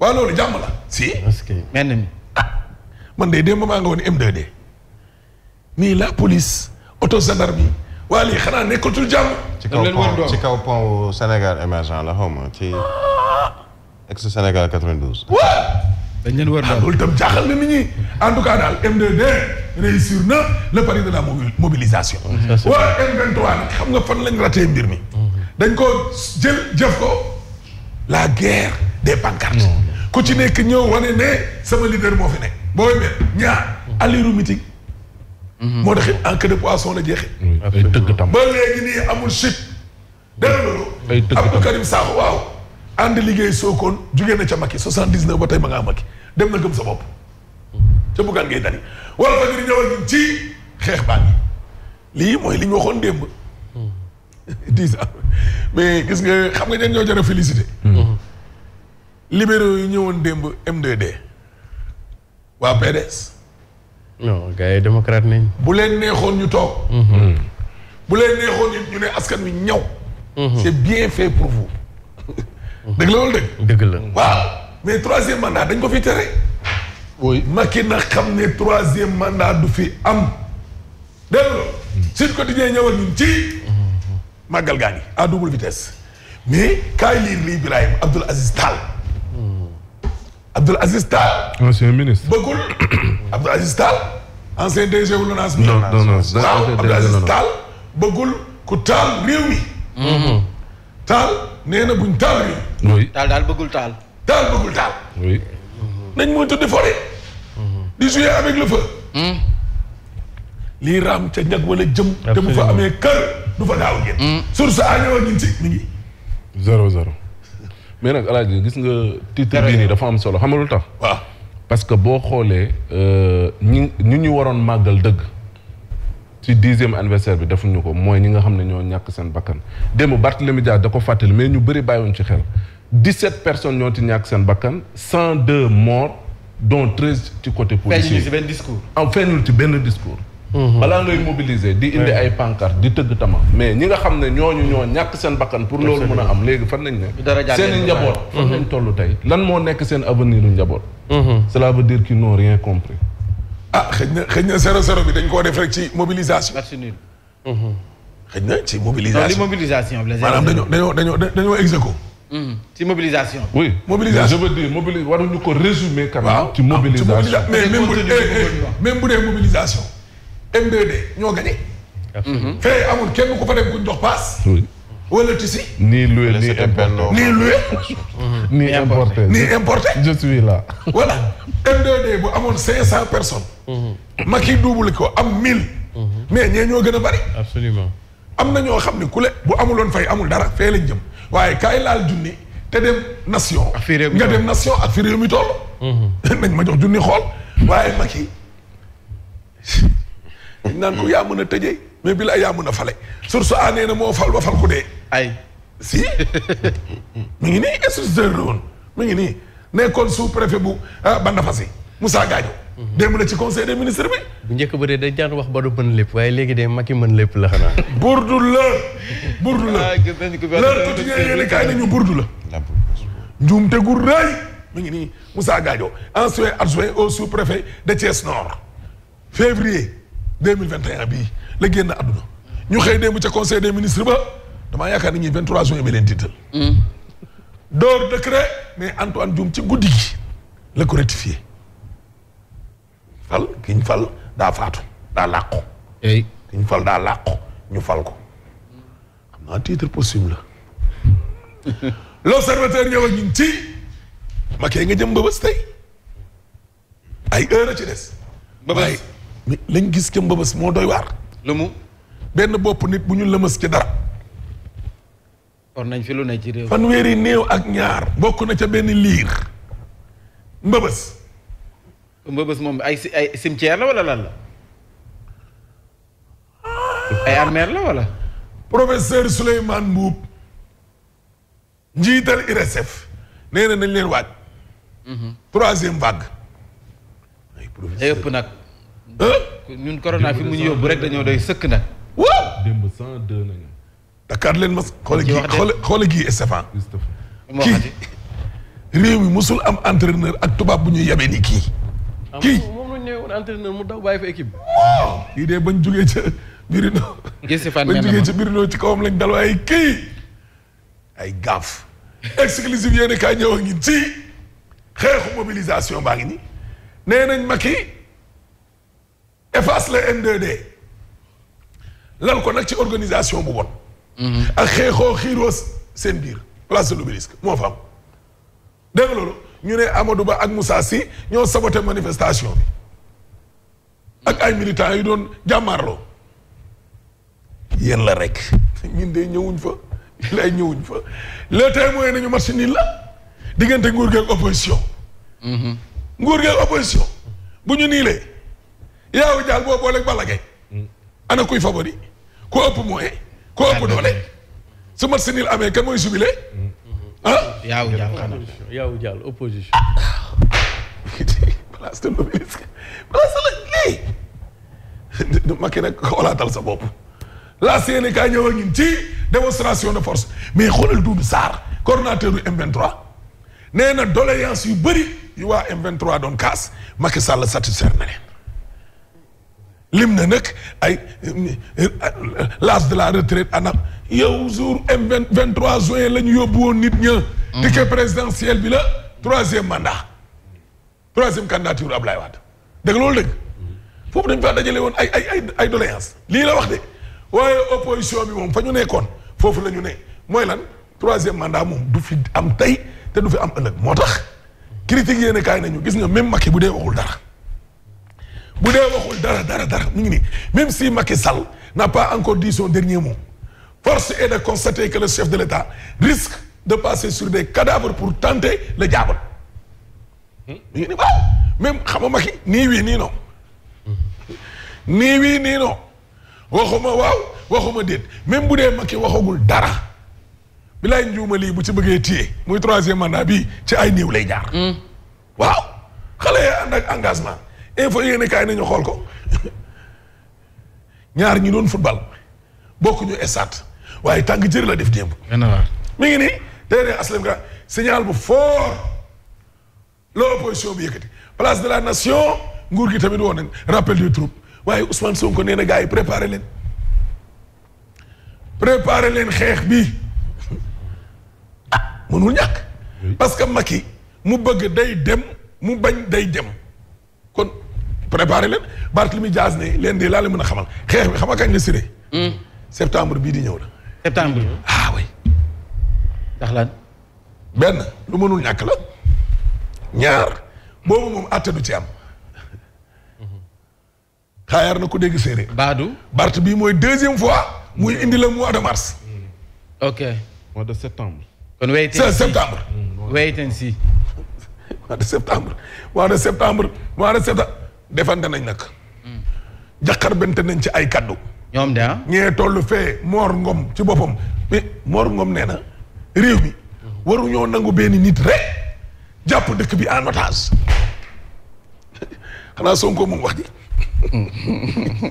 waaw loolu jàmm la si. mel na ni ah man de démb maa nga woon m 2 la police auto gendarme yi waa lii xanaa nekkatul jàmm. ci kaw pont ci kaw pont Sénégal émergent la xaw ma ci ah! ex Sénégal 92. waaw. dañ leen wër ah, daal loolu jaaxal na nit ñi en tout cas daal M2D réussir na le pari de la mobilisation. Mm-hmm. waa M23 nag xam nga fan lañ raté mbir mi. Mm-hmm. dañ koo jël jëf la guerre des pancartes. Mm-hmm. ku ci nekk ñëw wane ne sama leader moo fi nekk booy mel ñaar meeting mhm. moo taxit en de poisson la jeexee ay tam ba léegi nii amul chute dara loolu ay tëgg tam Karim Sakho waaw ànd liggéey Sokone jugee na ca Macky soixante-dix-neuf ba tey ma ngaa Macky dem na gëm sa bopp ca buggaan ngay dari wala fa jëri ñëwal ñun ci xeex baan yi lii mooy li ñu waxoon démb hmm. mais gis nga xam nga ñeen ñoo jar a félicité libéraux yi ñëwoon démb M2D waa PDS. non démocrate nañ. bu leen neexoon ñu toog. Mm-hmm. bu leen neexoon ñu ne askan wi ñëw. Mm-hmm. c' bien fait pour vous. Mm-hmm. dëgg la loolu dëgg. dëgg la waaw mais troisième mandat dañ ko fi tere. oui Macky na xam ne troisième mandat du fi am. dégg nga Sud Quotidien ñëwal ñun ci. màggal gaa yi à double vitesse. mais kaay lii lii Ibrahima Abdoul Aziz Tall. Abdoul Aziz Tall. ancien ministre bëggul Abdoul Aziz Tall. ancien DG wu LONASE. non non non waaw Abdoul Aziz Tall bëggul ku taal réew mi. Mm-hmm. taal nee na buñ taal réew. oui taal daal bëggul taal. taal bëggul taal. oui. Mm-hmm. nañ mooy tuddee forêt. Mm-hmm. di jouer avec le feu. Mm. lii raam ca ñag wala jëm. te bu fa amee kër du fa gaaw a génn. Mm. source a ñëwoon ñu ngi ci mi ngi. zéro zéro. mais nag alaaji gis nga titre bii nii dafa am solo xamalul tax waaw parce que boo xoolee euh, ñi ñu ñu waroon màggal dëgg ci dixième anniversaire bi defuñu ko mooy ñi nga xam ne ñoo ñàkk seen bakkan démb Barthélémy Dias da ko fàttali mais ñu bëri bàyyiwuñ ci xel dix-sept personnes ñoo ci ñàkk seen bàkkan cent deux morts dont treize ci côté policier ah, feeñul ci benn discours am feeñul ci benn discours Mhm. balaa ngay mobiliser di indi ay pancarte di tëgg tama mais ñi nga xam ne ñooñu ñoo ñàkk seen bakkan pour loolu mën a am léegi fan nañ ne seen njaboot fan nañ mhm. tollu tey lan moo nekk seen avenir njaboot mhm. cela veut dire qu'ils n'ont rien compris ah xëj na xëj na bi dañ koo def rek ci mobilisation xëj na ci mobilisation mobilisation maanaam dañoo dañoo dañoo dañoo exéco ci mobilisation. oui mobilisation je veux dire mobilisation waruñu ko résumer. waaw ci mobilisation ah, mais eh, eh, même bu dee mobilisation. MDD ñoo gagné. Mm-hmm. fee amul kenn ku fa dem kuñ jox paas. wala tisi. nii loué nii importé nii loué. Mm-hmm. nii importé nii importé. je suis là. voilà MDD bu amoon cinq cent personnes. Mm-hmm. Macky double ko am mille. mais ñee ñoo gën a bari. absolument am na ñoo xam ne ku le bu amuloon fay amul dara fee lañ jëm waaye kaay laal junni te dem nation. nga dem nation ak fi réew mi toll. nañ ma jox junni xool waaye Macky. naan ko yaa mën a tëjee mais bi la yaa mën a fale source a nee na moo fal ba fal ku dee ay si mi ngi nii instructeur la woon mi ngi nii nekkoon sous préfet bu ah, Banda Fassé Moussa Gadio mhm. démb la ci conseil des ministres bi bu njëkk ba dee day jaan wax ba du mën lépp waaye léegi de Macky mën lépp la xanaa burdu la burdu la ah, l'heure quotidien yéeni kaay nañu burdu la njuumte gu rëy mu ngi nii Moussa Gadio ancien adjoint au sous préfet de Thiès Nord février deux mille vingt et bii la génn àdduna ñu xëy mu ca conseil des ministre ba damaa yaakaar ni ñuy vingt trois juin bi leen tiital. Hmm. door décret mais Antoine Diome ci guddi gi la ko rectifié fal ki ñu fal daa faatu daa làqu. eh fal daa làqu ñu fal ko xam naa titre possible la. l'observateur ñëw ak ñun ci ma kee nga jëm ba bés tey ay heure a ci des. ba bés mais lañ gis ca mbëbës moo doy waar. lu benn bopp nit bu ñu lëmës ci dara. war nañ fi lu ne ci fanweeri néew ak ñaar. bokk na ca benn liir. mbëbës. mbëbës moom ay ay cimetière la wala la. ay la wala. professeur Souleymane Mbuub njiital IRESSEF nee na nañ leen waaj. Mhm. troisième vague. ñun corona fi mu ñu yóbbu rek dañoo doy sëkk na waaw démb 102 leen mas xoole gi xoole xoole gi Stéphane. kii réew mi mosul am entraîneur ak tubaab bu ñuy yabee ni kii. kii moom lañ newoon entraîneur mu daw bàyyi fa équipe bi. waaw kii de bañ jugee ca Birino. bañ jugee ca Birino ci kawam lañ dal kii ay gaaf. exclusive yéen a kaay ñëw a ci xeexu mobilisation baa ngi nee nañ Macky. efface le n lal ko nag ci organisation bu bon. Mhm. ak xeexoo xiiroo seen biir place de l'Obélisque moo fa am. dégg ñu ne Amadou Ba ak Moussa si ñoo saboté manifestation bi ak ay militants yu doon jàmmaarloo. yéen la rek. ñun de ñëwuñ fa lay ñëwuñ fa le témoin nañu match nii la diggante nguur gi ak opposition. Mhm. nguur gi ak opposition bu ñu niilee. yaaw jaal boo booleeg Balla Gaye ana kuy favori ku ëpp moyen ku ëpp doole su mat si niil amee ka mooy jubilé ah. yaaw jaal xanaa yaaw jaal opposition. place de l'Obélisque place la lii. du makki nag xoolaatal ñëw a ñun ci démonstration de force mais xoolal Doudou Sarr coordonnateur du M23 nee na doléance yu bëri yu waa M23 doon kaas Macky Sall satisfaire na leen. lim na nag ay l'âge de la retraite anam yow jour M vingt trois juin la ñu yóbbu woon nit ña. Mhm. ticket présidentiel bi la troisième mandat troisième candidature Ablaye Wade dëgg loolu dëgg mhm. foofu dañ faa dajale woon ay ay ay ay doléance lii la wax de waaye opposition bi moom fa ñu nekkoon foofu la ñu ne mooy lan troisième mandat moom du fi am tey te du fi am ëllëg moo tax critique yéen a kaay nañu gis nga même Macky bu dee waxul dara. bu dee waxul dara dara dara mu ngi nii même si Macky Sall n'a pas encore dit son dernier mot force est de constater que le chef de l'État risque de passer sur des cadavres pour tenter le diable. mu ngi nii waaw même xam nga Macky nii wii nii non nii wii nii non waxuma waaw waxuma déet même bu dee Macky waxagul dara bilaay njuuma lii bu ci bëggee téye muy troisième mandat bi ci ay néew lay jaar. Hmm. waaw xale yi ànd ak engagement. info yéen kaay nañu xool ko ñaar ñi doon football bokkuñu estat waaye tàng jër la def démb. mi ngi nii déedéet aslem ka signal bu fort la opposition bi yëkkati place de la nation nguur gi tamit woo nañ rappel des troupes waaye Ousmane Sonko nee na gars yi préparé leen préparé leen xeex bi ah mënul ñàkk. parce que Macky mu bëgg day dem mu bañ day dem kon. préparé leen Barthélemy Dias ne leen de laa la mën a xamal xeex bi xam nga kañ la siré hmm. septembre bii di ñëw la. septembre. ah oui. ndax lan. benn lu mënul ñàkk la. ñaar boobu moom àtte du ci am. xaayaar na ko dégg séeréer. Badou. Bart bii mooy deuxième fois. muy indi la mois de mars. ok. mois de septembre. kon wait and see septembre. wait and septembre mois de septembre mois de septembre. defante nañ nag. jaqar bente nañ ci ay kàddu ñoom de ah. ñee tollu fee Mor Ngom ci boppam mais Mor Ngom nee na réew mi waruñoo nangu benn nit rek jàpp dëkk bi en otage xanaa Sonko moom wax ji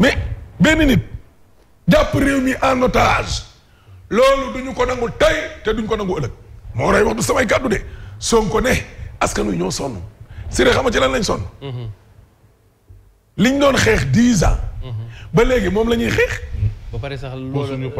mais benn nit jàpp réew mi en otage loolu duñu ko nangu tey te duñ ko nangu ëllëg moo rey wax du samay kàddu de Sonko ne askan wi ñoo sonn. Siré xam nga ci lan lañ li ñu doon xeex dix ans. ba léegi moom la ñuy xeex. ba pare sax loolu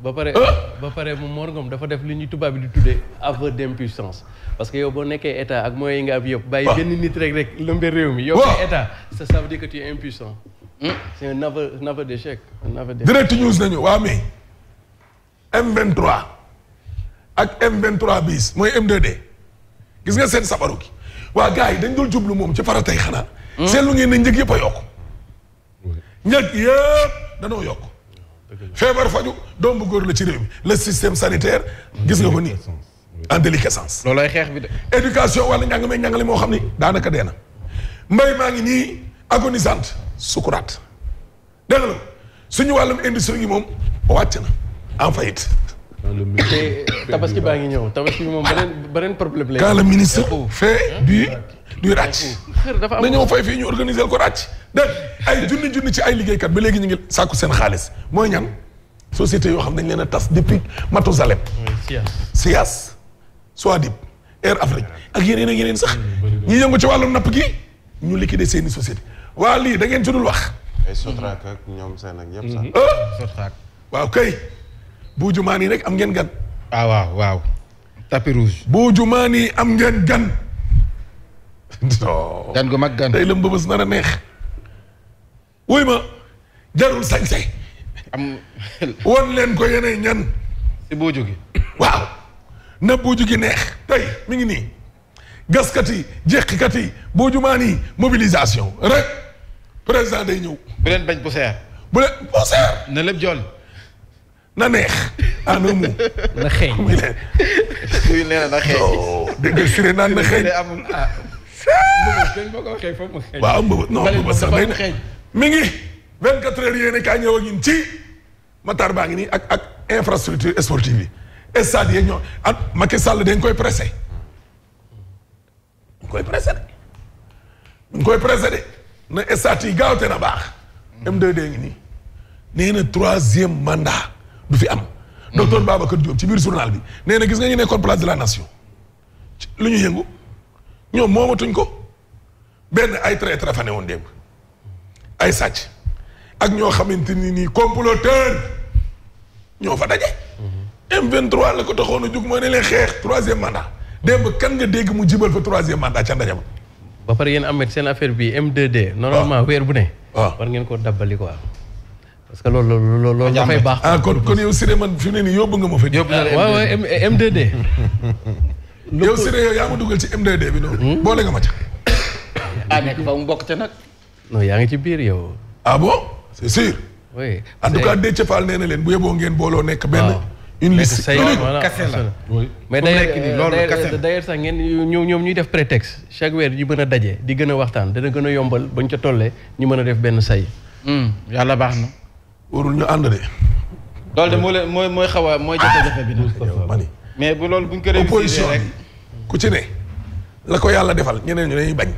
ba pare ba pare mu morgom dafa def li ñuy tubaab di di tuddee aveu d'impuissance parce que yow boo nekkee état ak moyens yi nga am yëpp. bàyyi benn nit rek rek lëmbe réew mi. yow état ça veut dire que tu es impuissant. Hmm? c'est un aveu un aveu d'échec un aveu d'échec. direct news nañu waa mais M23 ak M23 bis mooy M2D gis nga seen sabaru gi. waa gars yi dañ dul jublu moom ci faratay xanaa. seetlu ngeen ne njëg yëpp a yokku. njëg yëpp danoo yokk feebar faju doom bu góor la ci réew mi le système sanitaire. gis nga ko nii en déliquescence. loolay xeex bi de. éducation wala njàng may njàngale moo xam ni daanaka dee na mbay maa ngi nii agonisante sukuraat dégg nga suñu wàllum industrie yi moom wàcc na en faillite. te euh, tabaski baa ngi ñëw tabaski bi moom beneen beneen problème lay. quand le ministre fait du du ràcc. dafa am ñoo fay fii ñu organiser ko ràcc. dégg ay junni junni ci ay liggéeykat ba léegi ñu ngi sàkku seen xaalis mooy ñan société yoo xam dañ leen a tas depuis Matousalem. Sias Soadib Air Afrique ak yeneen ak yeneen sax. Hmm, ñi yëngu ci wàllum napp gi ñu liquider seen i société waa lii da ngeen ci dul wax. ay seen ak yëpp sax. waaw kay. Buujumaani rek am ngeen gan. ah waaw waaw. tapis rouge. Buujumaani am ngeen gan. non gan gu mag gan. tey la mbëbës a neex. wuy ma jarul sañse am won leen ko yeneen ñan. si buuju gi. waaw na buuju neex. tey mi ngi nii. gaskat yi jeqikat yi Buujumaani yi mobilisation rek président day ñëw. bu leen bañ poussière. bu leen poussière. na lépp jool. na neex en un mot. na xeeñ. muy nee na xeeñ. dégg nga Siré na ah. xeeñ. waaw mbëbët non mbëbët sax day na mi ngi 24 heures yéen a kaay ñëw ak ci Matar baa ngi nii ak ak infrastructure sportive yi stade yeeg ñoo ak ah, Macky Sall dañ koy pressé. ñu koy pressé de. ñu koy pressé de na stade yi gaawte na baax. M2D ngi nii mandat. du fi am. docteur Babacar Diop ci biir journal bi nee na gis nga ñu nekkoon place de la nation lu ñu yëngu ñoom moomatuñ ko benn ay traître fa woon démb ay ak ñoo xamante ni nii comploteur ñoo fa daje. m ko taxoon a jug mooy ne leen xeex troisième mandat démb kan nga dégg mu jibal fa troisième mandat ca ndaje ba. ba pare yéen Ahmed seen affaire bi M2D. Ah. bu ne. waaw ah. war ngeen ko dabbali quoi. parce que loolu loolu loolu dafay baax. ah kon kon yow Siré man fi mu ne nii yóbbu nga ma fa. yóbbu yaa ma dugal ci MDD bi noonu. Hmm? boole nga ma ca. ah fa mu bokk ca nag. yaa ngi ci biir yow. ah c'est sûr. oui en tout cas Déthié leen bu yeboo ngeen booloo nekk benn. Ah. une liste kase la mais euh, d'ailleurs sax ngeen ñoom ñoom ñuy def prétexte chaque weer ñu mën a daje di gën a waxtaan dana gën a yombal bañ ca tollee ñu mën a def benn say. Hmm, yàlla baax na. warul ñu ànd de. loolu de moo leen mooy mooy xaw a mooy jafe-jafe bi nag. mais bu loolu bu ñu ko réussir rek ku ci de la ko yàlla defal ñeneen ñu dañuy bañ.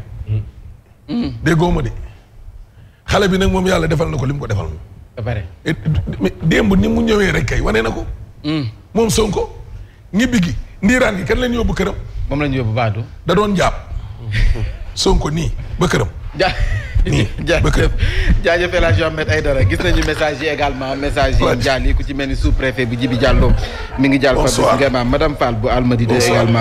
Hmm. déggoo ma de xale bi nag moom yàlla defal na ko li mu ko defal. ba pare démb ni mu ñëwee rek kay wanee na ko. Hmm. moom Sonko ñibbi gi ndiiraan gi kan leen yóbbu këram. moom la ñu yóbbu baadu. da doon jàpp hmm. Sonko nii ba këram. ja jaajëf jaajëf El ay Ahmed gis nañu message yi également message yi jàll yi ku ci mel ni sous préfet bi Djibi Diallo mi ngi jàll Fabrice Ngema na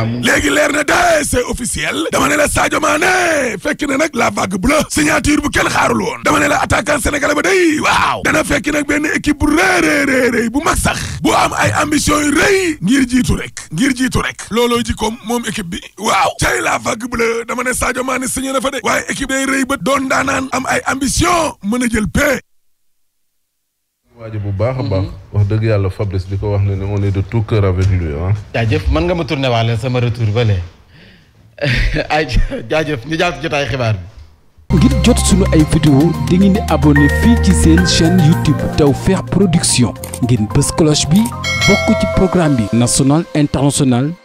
de c'est officiel dama ne na la vague bleue bu kenn xaarul dama la attaquant sénégalais ba day waaw dana fekk benn équipe bu bu mag sax bu am ay ambition jiitu rek ngir jiitu rek looloo jikkoom moom équipe bi waaw cay la vague bleue dama ne Sadio Mané signé na fa de waaye équipe day rëy ay bët doon daanaan am ay ambition mën a jël paix. waaji bu baax a baax. Mhm. wax dëgg yàlla Fabrice di ko wax ne ne on est de tout cœur avec lui jaajëf mën nga ma tourné waale sama retour bële ay xibaar bi. ngir jot suñu ay vidéo di ngeen di abonné fii ci seen chaîne YouTube Tawfekh Production ngir bës cloche bi bokk ci programme bi national international